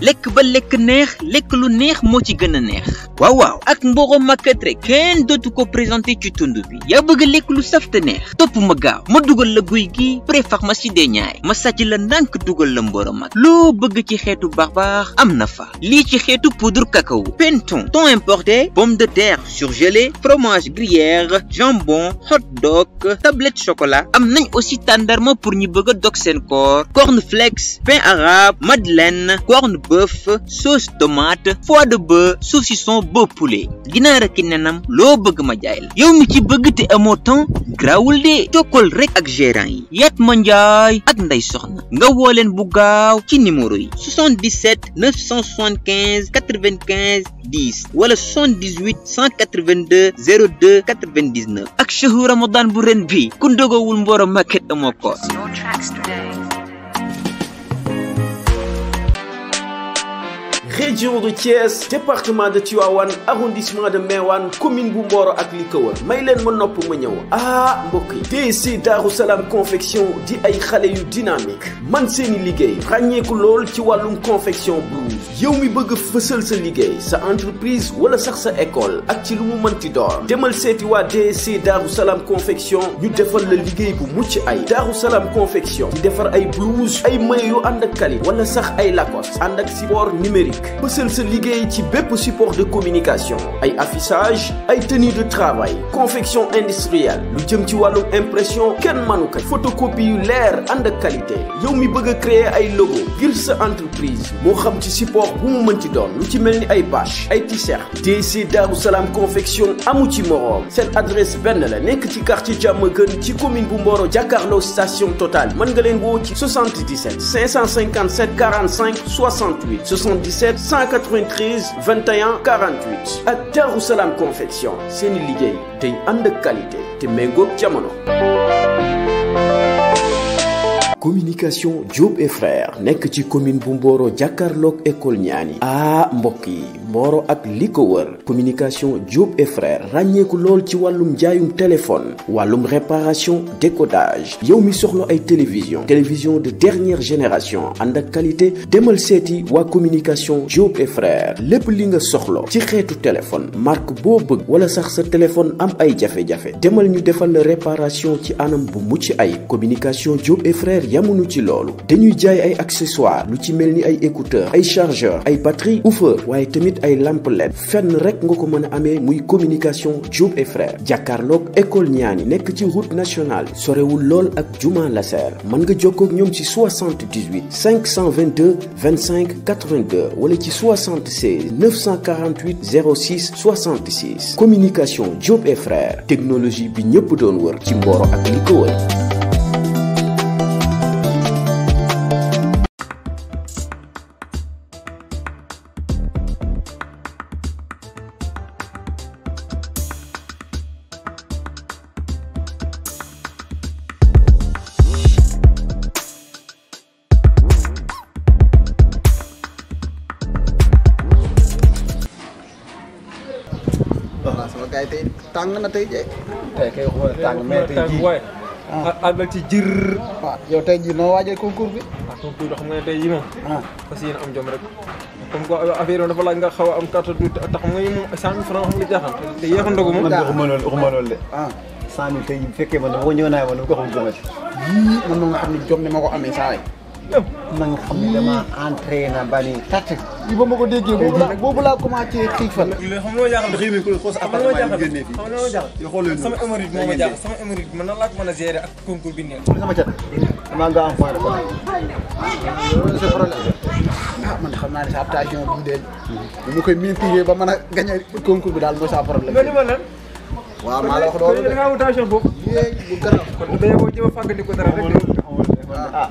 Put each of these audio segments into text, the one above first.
lek ba lek neex lek lu neex moo ci gën a neex waaw waaw ak mboro makatre kenn dootu ko présenté ci tund bi yaa bëgg a lekk lu saf te neex topp ma gaaw ma dugal la guy gi pré pharmacie des ñaay ma sàcc la ndànk dugal la mboro mak loo bëgg ci xeetu baax baax am na fa lii ci xeetu poudre cacao penton ton importé pomme de terre surgelée fromage gruyère jambon hot dog tablette chocolat am nañ aussi tàndarma pour ñu bëgg a dog seen koor cornflakes pain arabe madeleine corn bœuf sauce tomate foie de bœuf saucisson ba poulet ginaar ak nenam loo bëgg ma jaay la yow mi ci bëgg te amoo temps grawul de jokkool rek ak gérant yi Yat Ma Njaay ak Ndey Soxna nga woo bu gaaw ci numéro yi 77 975 95 10 wala 78 182 02 99 ak shahu Ramadan bu ren bi ku ndogowul Mboro Market amoo koor région de Thiès département de Tivaouane arrondissement de Mewane commune bu Mboro ak li ko wër may leen ma nopp ma ñëw ah mbokk yi DC Darou Salam confection di ay xale yu dynamique man seeni liggéey ràññeeku lool ci wàllum confection blouse yow mi bëgg fësal sa liggéey sa entreprise wala sax sa école ak ci lu mu mënti door demal seeti waa DC Darou Salam confection ñu defal la liggéey bu mucc ay Darou Salam confection defar ay blouse ay maillots ànd ak sax ay lacoste ànd ak support seul sa liggéey ci bépp support de communication ay affichage ay tenue de travail confection industrielle lu jëm ci impression ken mënu photocopie l'air en qualité yow mi bëgg créer ay logo ngir entreprise mo xam ci support bu mu mën ci doon lu ci t-shirt DC Darou Salam confection amu ci cette adresse benn la nekk ci quartier jàmm ci commune bu Mboro station Total mën nga leen ci 77 557 45 68 77 193 21 48 à terusalam Salam confection C'est une ligue de qualité De Mengo jamono communication job et frère nek ci commune Bumboro Jakarlok école Niani ah moki, yi Mboro ak liko communication job et frère ragné ko tu ci walum jaayum téléphone Walum réparation décodage yow mi soxla ay télévision télévision de dernière génération En ak qualité demal seti wa communication job et frère. lepp li nga soxlo ci xétu téléphone marque Bob, bëgg wala sax sa téléphone am ay jafe-jafe Demol ñu defal la réparation ci anam bu mucc communication job et frère yamunu ci loolu dañuy jaay ay accessoires lu ci melni ay écouteurs ay chargeurs ay batterie ufa waye tamit ay lampe led fenn rek nga ko mën a muy communication job et frère jakarlok école ñaani ci route nationale sorewul lol ak juma laser man nga jokkoo ak ci 78 522 25 82 wala ci 76 948 06 66 communication job et frère technologie bi ñepp doon wër ci Mboro ak waaw sama gars yi tey tàng na tey a tey kay waxuma la tàng mais tey jii ànd ak ci jir. waaw yow tey jii noo waajal concours a waaw concours bi xam nga ne tey jii moom. aussi yéen am nga xaw a am carte du tax nga ñu moom cent xam nga jaaxal. te yéex a ndogu moom man waxuma loolu waxuma de. cent mille tey bu fekkee man dafa ko ñëw naa ma nu ko xam jomati. yii man moom xam ne jom ni ma ko amee man nga xam ne dama entraîné ba ni tactique yi ba ma ko déggee boobu laa boobu laa commencé xiifal xam nga jaaxal xëy mi ko xoos appartement yi génnee fii xam nga jaaxal xool leen sama hémorroïde sama man ko gérer ak concours bi sama dama nga am c'est problème man xam sa bi bu koy ba concours bi sa problème ma lan waaw la wax nga bu dara rek ah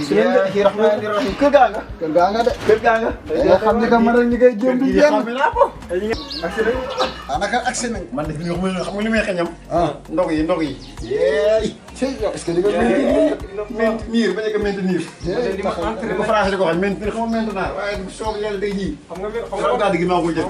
bismillahi rahmani rahim kër gaa nga kër gaa nga de kër gaa nga nga xam ne que mën nañ ñi koy jéem di jéem agsi nañ anaka agsi nañ man de fi ñu wax xam nga li may xeñam ah. ndog yi ndog yi Zeker, ik ben een mentionier. Ben ik een mentionier? Ik eh, vraag je ook aan, mentionier, gewoon mentenaar. Sorry, jij deed niet. Waarom dat ik Wat? goed ah,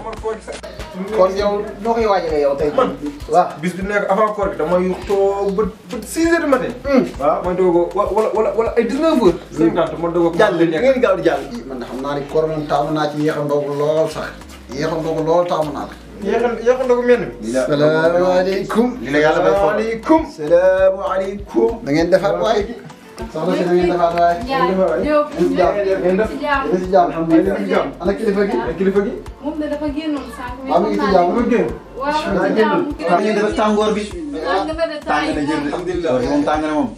kon hmm. Wat? noo wat Wat? yow nou man waaw bis Wat? nekk avant koor gi damay Wat? ba ba 6 heures du matin waaw ma wat, wala wala wala ay 19 Wat? 50 ma Wat? jàll ngeen Wat? di jàll man xam naa ni koor moom taamu naa ci Wat? a ndogu Wat? sax yéex Wat? ndogu lool taamu naa yéexal yéexal na ko mel ni. salaamaaleykum. li la yàlla may xool salaamaaleykum. salaamaaleykum. da ngeen defar waay. soxna si da ngeen defar waay. yow si jàmm. ana kilifa gi. kilifa gi. moom de dafa génnoon sànq. waaw mi ngi si jàmm. waaw ñu dafa tàngoor bi. tàng na jël alhamdulilah moom tàng na moom.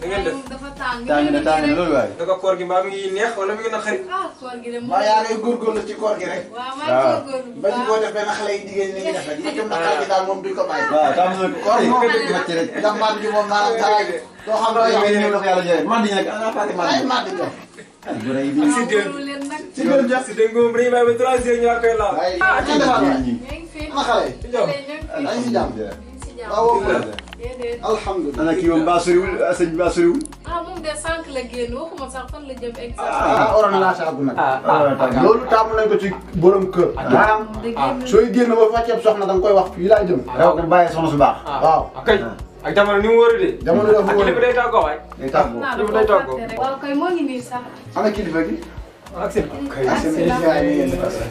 dafa tàng tàng na tàng na loolu waaye. naka koor gi mbaa mi ngi neex wala mi ngi na xarit. ah koor gi de mbaa yaa ngay góorgóorlu ci koor gi rek. waaw maa ngi góorgóorlu ba ci boo def benn xale yi jigéen ñi def rek. ñu naqar gi daal moom duñ ko bàyyi. waaw tàng na koor moom ci rek. ndax man gi moom maanaam dara gi. doo xam loo yàq ñu la ko yàlla jëlee man di nag ana pare man di si dégg si dégg moom dañuy bàyyi ba trois heures ñu war koy laal ah, ana xale yi. ñu ngi si jàmm waaw alhamdulilah. ana kii moom baa soriwul sëñ baa soriwul. ah moom de sànq la génn waxuma sax fan la jëm exactement. Ah, ah, ah waroon naa saabu nag. ah, ah loolu taamu nañ ko ci borom kër. maanaam sooy génn ba fàcceeb soxna da nga koy wax fii laa jëm. raw nga bàyyi soxna su baax. waaw kay. ak jamono ni mu wóor de. jamono dafa wóor de ak kilifa day tàggoo waay. day tàggoo kilifa day tàggoo. waaw kay moo ngi nii sax. ana kilifa gi. ak seen ak seen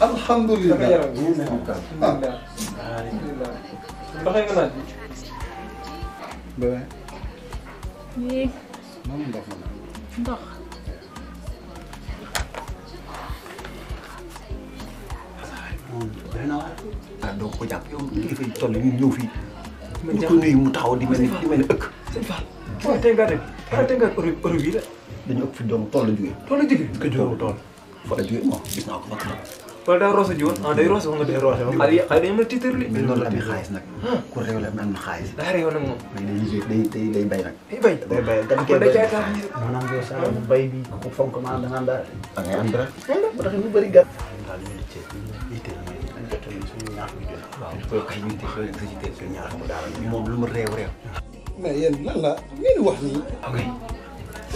alhamdulillah bakit ka na? Ba? Hindi. Mama, bak mo na. Bak. Đấy nó là đồ của giặc yêu đi phải cho lên nhiều phi mình cứ đi một thao đi mình đi mình ức sen fa ôi tên gà đấy ôi tên gà ở ở vị đấy đừng ức phi đồ to lên dưới to lên dưới cái đồ to phải dưới mà biết nào cũng bắt được wala daa roose ji woon ah day roose woon nga day roose woon. xale yi xale dañu mën a tiitarli. mais noonu la amee xaalis nag. ku réew la am na xaalis. daa réew nag moom. day day day bay nag. day bay day bay kan kee bay day tax maanaam yow saa mu bay bi ku fonk maanaam da nga am dara. da ngay am dara. ba tax ñu bëri gàtt. daal ñu ngi cee itteel ñu jotoon suñu ñaax bi jot. waaw loolu kay ñu itteel loolu sa ci teel suñu ñaax mu daal moom lu mu réew réew. mais yéen lan la ngeen wax nii. ok.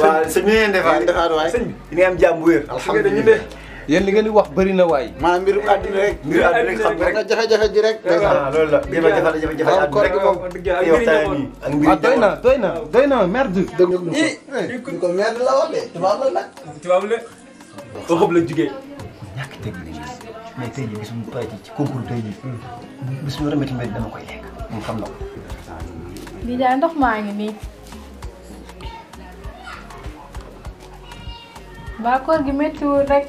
waaw sëñ bi ngeen defaat defaat waay sëñ bi. di nga am jàmm bu wér. alhamdulilah yéen li ngeen di wax bëri na waay. maanaam mbiru àddina rek. mbiru àddina rek xam nga rek jafe-jafe ji rek. Ah, loolu la jafe-jafe ah, doy na doy na doy na merde. dégg ko la wax de tubaab la nag. tubaab la. waxam la jugee. ñàkk teg la gis mais tey jii bisum pàcc ci concours tey jii. Hmm. bis dama koy lekk moom xam na ko. lii daal ndox maa ngi nii. waa koor gi rek.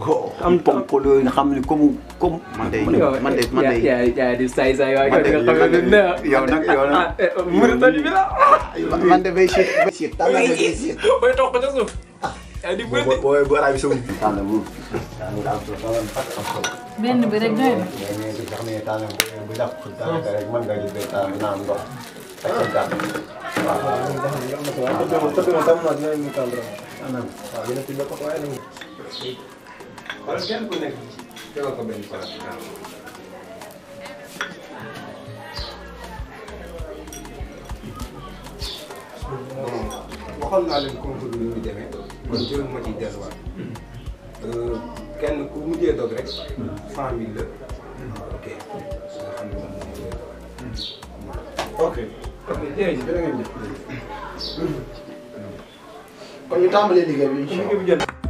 Go. I'm pompolo na kami ko ko mande mande mande. Yeah, yeah, this size ayo ayo ka kami na. Yo nak yo na. Mura tadi bila. Mande be shit be shit tala be shit. Boy tok pa jasu. Adi boy boy boy ay bisum. Tala bu. Ben berek doy. Ben kami tala bu dak tala berek man gaji be tala nam do. Tapi mau tapi mau tamu aja ini kamera. Anak, ini tidak kau ini. wala kenn ku nekk tegal ko benn place waxoon naa leen concours bi ni muy demee. kon jël ma ciy delluwaat. kenn ku mujjee dog rek. cent mille la. ok nga xam ne moom moo mujjee dog. ok ok jërëjëf dana ngeen jëf. kon ñu tàmbalee liggéey bi incha allah.